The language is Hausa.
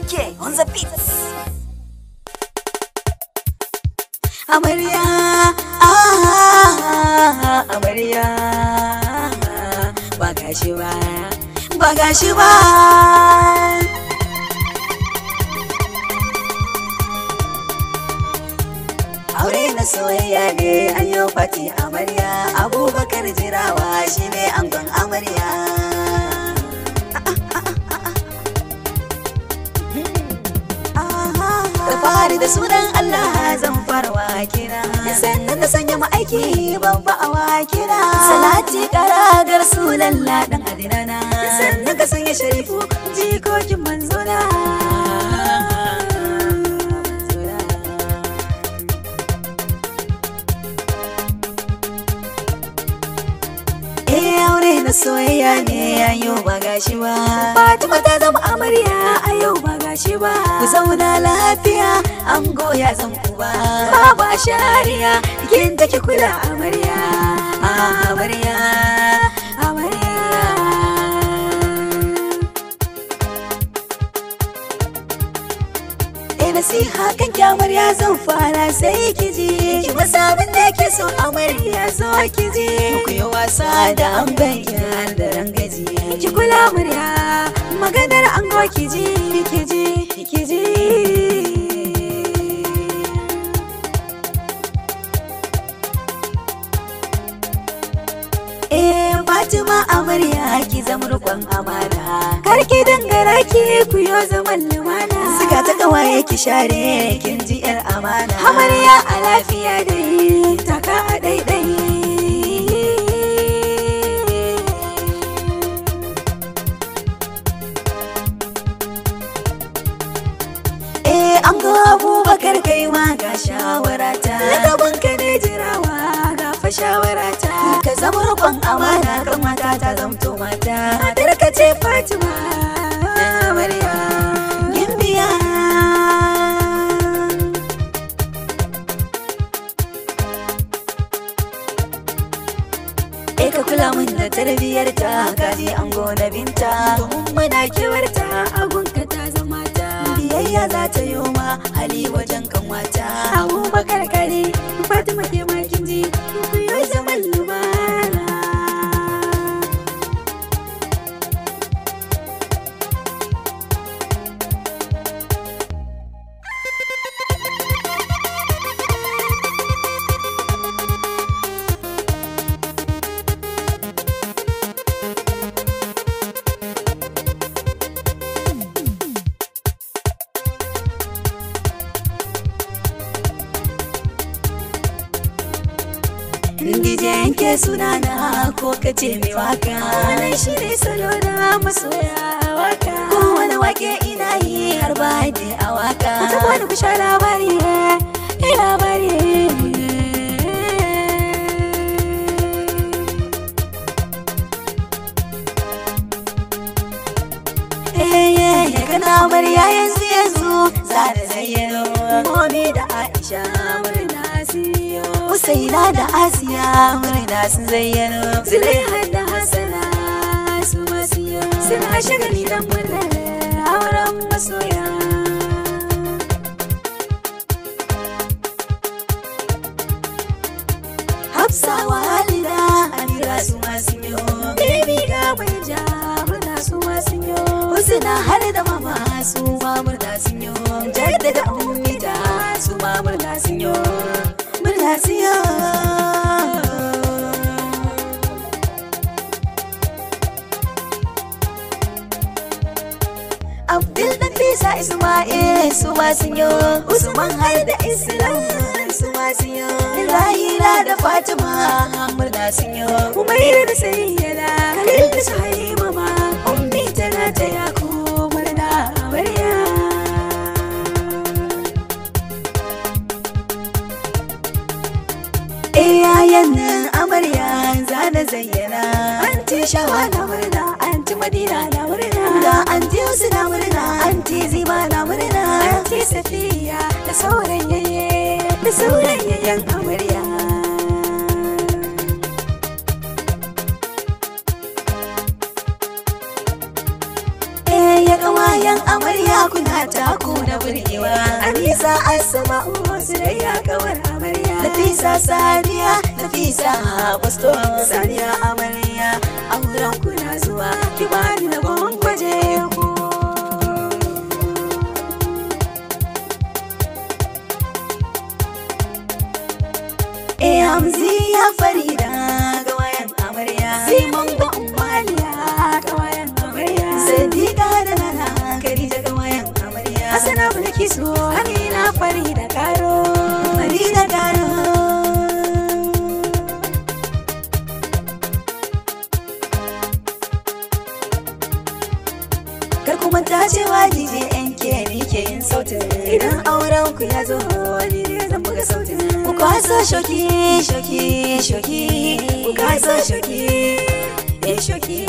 MK on the beats. Amaria, ah, Amaria, Bagashiwa, Bagashiwa. ba, ba gashi ba. Aure na soyayya ne an yi fati kira sannan da sanya ma'aiki babba a wa kira salati karagar sunan ladan adinana sannan ka sanya sharifu jikokin manzona eh, na soyayya ne a yau ba gashi ba Fatima ta zama amarya a yau ba gashi ba ku zauna lafiya ango ya zan uba babu shariya kin ki kula amarya ah, amarya amarya eh, sai hakan kyamar ya zan fara sai ki ji. ki masa abin da ke so amarya zo ki je ku yi wasa da an bayyana da rangaji ki kula amarya. maganar an ki ji. ki ki zama rukon amana kar ki dangana ki ku yo zaman lumana suka ta kawaye ki share kin ji yar amana amarya a lafiya dai ta kama daidai eh, an ga abubakar kai ma ga shawarata lakabin ka ne jirawa ga fa ta. ka zama rukun amana kan mata ta zamto mata ka ce fatima amarya e ka kula min da tarbiyyar ta kaji an gona binta domin muna kewarta ka ta zama ta biyayya za ta yi ma hali wajen kan wata ka Din DJ sunana ko kace mai waka Wannan shi ne salo da masoya waka Kowane wake ina yi har ba da a waka Ku wani ku sha labari eh, labari Kana eh, eh, amarya yanzu yanzu za da zayyano Momi da Aisha murna Usaina da Asiya murna sun zayyano Zulaiha da Hassana su sun Suna ni don murnar auren masoya Hafsawa Halida Amira su masiyo Bibi ga bai ja murna su masiyo Usaina har da mama su ma murna sun yi Jaddada Ummi da su ma murna sun yi asiya Abdul da Fisa Ismail su masinyo Usman har da Islam su masinyo Lahila da Fatima Hamur da sinyo Umaira da Sayyala Khalil da Suhaima ma Ummi tana ta yako shawa na murna anti madina na murna ga anti usu na murna anti zima na murna anti safiya da sauran yaye da sauran yayan amarya eh, Yan amarya kuna taku na burgewa Anisa Asama Umar ya kawar amarya Nafisa Saniya Nafisa Habusto Saniya amarya duniya a wurin kuna zuwa ki bani na gwangwaje ku Eh Hamzi ya farida ga wayan amarya sai ga umaliya ga wayan amarya sadiqa da nana Khadija ga wayan amarya Asana Bilkisu Amina Farida kar ku manta cewa DJ NK ne ke yin sautin idan auren ku ya zo wani ne zan buga sautin ku kwaso shoki shoki shoki ku shoki eh, shoki